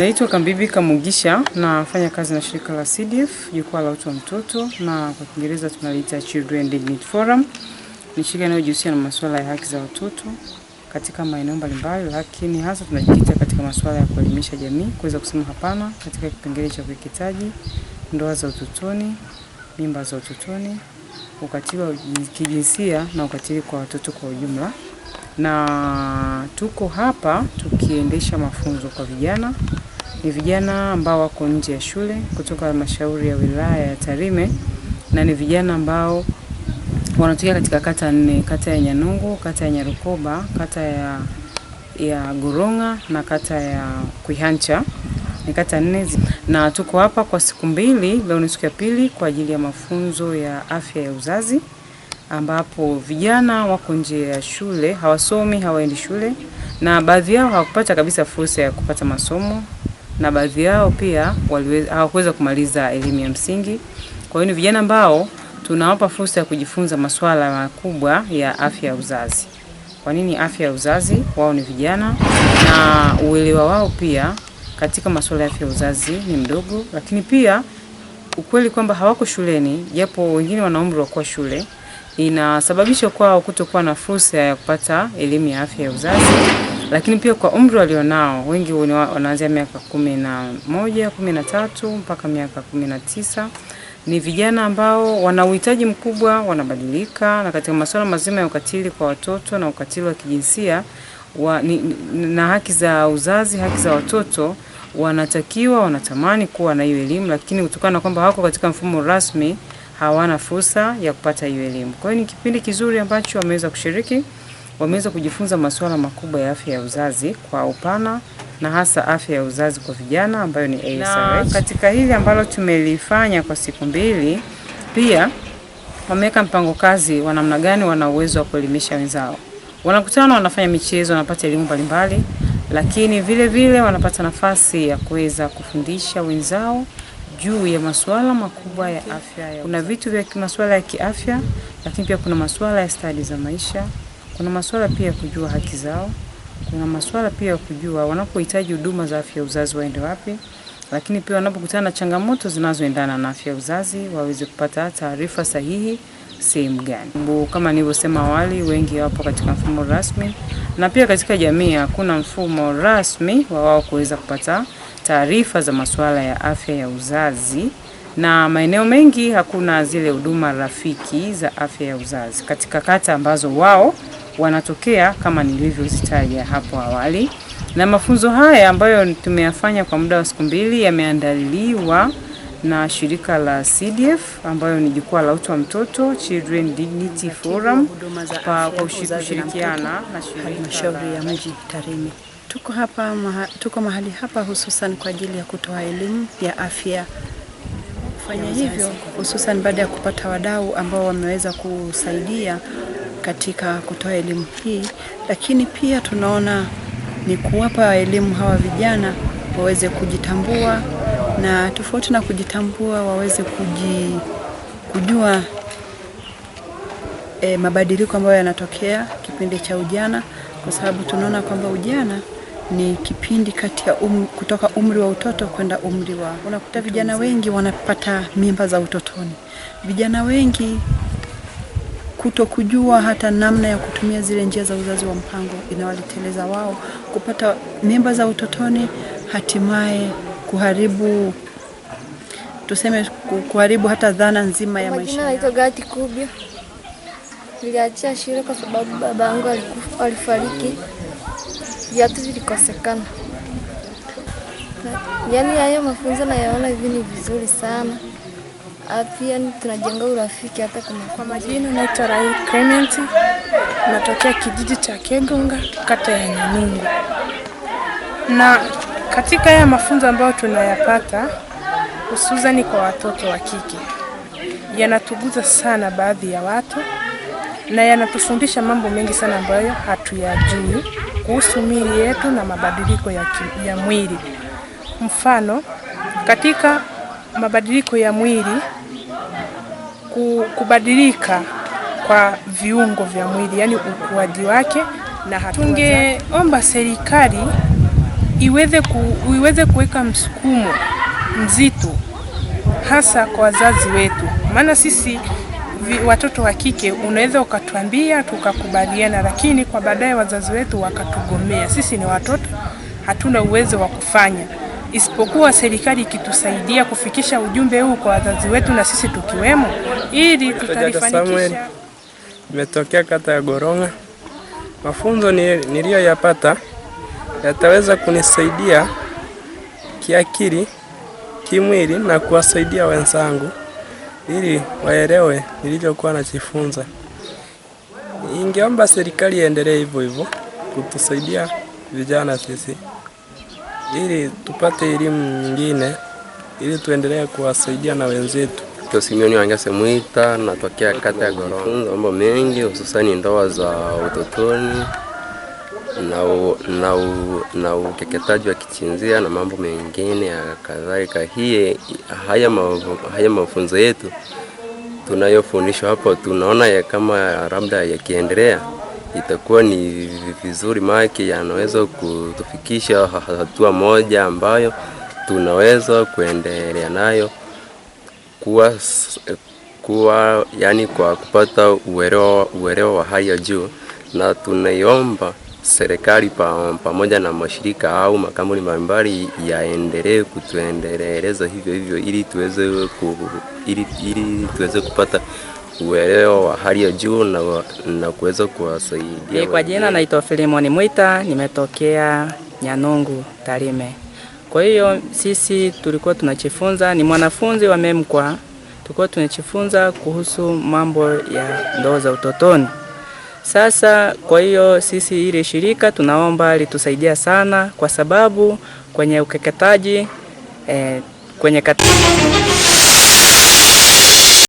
Naitwa Kambibi Kamugisha, nafanya kazi na shirika la CDF, jukwaa la utu wa mtoto, na kwa Kiingereza tunaliita Children Dignity Forum. Ni shirika inayojihusisha na masuala ya haki za watoto katika maeneo mbalimbali, lakini hasa tunajikita katika masuala ya kuelimisha jamii kuweza kusema hapana katika kipengele cha ukeketaji, ndoa za utotoni, mimba za utotoni, ukatili wa kijinsia na ukatili kwa watoto kwa ujumla na tuko hapa tukiendesha mafunzo kwa vijana ni vijana ambao wako nje ya shule kutoka halmashauri ya wilaya ya Tarime na ni vijana ambao wanatokea katika kata nne: kata ya Nyanungu, kata ya Nyarukoba, kata ya, ya Goronga na kata ya Kuihancha. Ni kata nne, na tuko hapa kwa siku mbili. Leo ni siku ya pili kwa ajili ya mafunzo ya afya ya uzazi, ambapo vijana wako nje ya shule, hawasomi, hawaendi shule na baadhi yao hawakupata kabisa fursa ya kupata masomo na baadhi yao pia hawakuweza kumaliza elimu ya msingi. Kwa hiyo ni vijana ambao tunawapa fursa ya kujifunza masuala makubwa ya afya ya uzazi. Kwa nini afya ya uzazi? Wao ni vijana na uelewa wao pia katika masuala ya afya ya uzazi ni mdogo, lakini pia ukweli kwamba hawako shuleni, japo wengine wana umri wa kuwa shule, inasababisha kwao kutokuwa na fursa ya kupata elimu ya afya ya uzazi lakini pia kwa umri walionao wengi wanaanzia miaka kumi na moja kumi na tatu mpaka miaka kumi na tisa ni vijana ambao wana uhitaji mkubwa, wanabadilika, na katika masuala mazima ya ukatili kwa watoto na ukatili wa kijinsia wa, ni, na haki za uzazi, haki za watoto, wanatakiwa wanatamani kuwa na hiyo elimu, lakini kutokana na kwamba wako katika mfumo rasmi hawana fursa ya kupata hiyo elimu. Kwa hiyo ni kipindi kizuri ambacho wameweza kushiriki wameweza kujifunza masuala makubwa ya afya ya uzazi kwa upana na hasa afya ya uzazi kwa vijana ambayo ni ASRH. Katika hili ambalo tumelifanya kwa siku mbili, pia wameweka mpango kazi wa namna gani wana uwezo wa kuelimisha wenzao. Wanakutana, wanafanya michezo, wanapata elimu mbalimbali, lakini vile vile wanapata nafasi ya kuweza kufundisha wenzao juu ya masuala makubwa ya afya. Kuna vitu vya masuala ya kiafya, lakini pia kuna masuala ya stadi za maisha. Kuna masuala pia ya kujua haki zao, kuna masuala pia ya kujua wanapohitaji huduma za afya uzazi waende wapi, lakini pia wanapokutana na changamoto zinazoendana na afya uzazi waweze kupata taarifa sahihi sehemu gani. Kama nilivyosema awali, wengi wapo katika mfumo rasmi na pia katika jamii hakuna mfumo rasmi wa wao kuweza kupata taarifa za masuala ya afya ya uzazi, na maeneo mengi hakuna zile huduma rafiki za afya ya uzazi katika kata ambazo wao wanatokea kama nilivyozitaja hapo awali, na mafunzo haya ambayo tumeyafanya kwa muda wa siku mbili yameandaliwa na shirika la CDF ambayo ni jukwaa la utu wa mtoto Children Dignity Forum kwa kushirikiana na halmashauri ya mji Tarime. Tuko hapa maha, tuko mahali hapa hususan kwa ajili ya kutoa elimu ya afya kufanya hivyo hususan baada ya kupata wadau ambao wameweza kusaidia katika kutoa elimu hii, lakini pia tunaona ni kuwapa elimu hawa vijana waweze kujitambua, na tofauti na kujitambua waweze kuji, kujua e, mabadiliko ambayo yanatokea kipindi cha ujana, kwa sababu tunaona kwamba ujana ni kipindi kati ya um, kutoka umri wa utoto kwenda umri wa unakuta vijana wengi wanapata mimba za utotoni, vijana wengi kuto kujua hata namna ya kutumia zile njia za uzazi wa mpango inawaleteleza wao kupata mimba za utotoni, hatimaye kuharibu tuseme kuharibu hata dhana nzima ya maisha. Naitwa Gati Kubya. Niliachia shule kwa sababu baba yangu alifariki, viatu vilikosekana. Yaani hayo mafunzo nayaona hivi ni vizuri sana. Ah, pia tunajenga urafiki hata kama. Kwa majina naitwa Rahel Clement, natokea kijiji cha Kegonga, kata ya Nyamungu. na katika haya mafunzo ambayo tunayapata hususani kwa watoto wa kike yanatuguza sana baadhi ya watu na yanatufundisha mambo mengi sana ambayo hatuyajui kuhusu mili yetu na mabadiliko ya, ki, ya mwili. Mfano, katika mabadiliko ya mwili kubadilika kwa viungo vya mwili, yani ukuaji wake na hatua. Tungeomba serikali iweze ku, iweze kuweka msukumo mzito hasa kwa wazazi wetu, maana sisi vi, watoto wa kike unaweza ukatuambia tukakubaliana, lakini kwa baadaye wazazi wetu wakatugomea. Sisi ni watoto, hatuna uwezo wa kufanya isipokuwa serikali ikitusaidia kufikisha ujumbe huu kwa wazazi wetu na sisi tukiwemo ili tutalifanikisha. Nimetokea kata ya Goronga. Mafunzo niliyoyapata yataweza kunisaidia kiakili, kimwili na kuwasaidia wenzangu ili waelewe nilichokuwa najifunza. Ingeomba serikali iendelee hivyo hivyo kutusaidia vijana sisi ili tupate elimu nyingine ili tuendelee kuwasaidia na wenzetu. Kwa Simioni Wangase semuita natokea kata ya Gorongo. Mambo mengi hususani ndoa za utotoni na, u, na, u, na ukeketaji wa kichinzia na mambo mengine ya kadhalika. Hii haya, ma, haya mafunzo yetu tunayofundishwa hapo, tunaona ya kama labda yakiendelea itakuwa ni vizuri, maki yanaweza kutufikisha hatua moja ambayo tunaweza kuendelea nayo kuwa, kuwa yani kwa kupata uelewa, uelewa wa hali juu, na tunaiomba serikali pamoja na mashirika au makampuni mbalimbali yaendelee kutuendeleza hivyo hivyo ili tuweze, ku, ili, ili tuweze kupata uelewa wa hali ya juu na, na kuweza kuwasaidia. Kwa jina naitwa Filimoni Mwita, nimetokea Nyanungu Tarime. Kwa hiyo sisi tulikuwa tunachifunza, ni mwanafunzi wa MEMKWA, tulikuwa tunachifunza kuhusu mambo ya ndoa za utotoni. Sasa kwa hiyo sisi ile shirika tunaomba litusaidia sana, kwa sababu kwenye ukeketaji eh, kwenye katika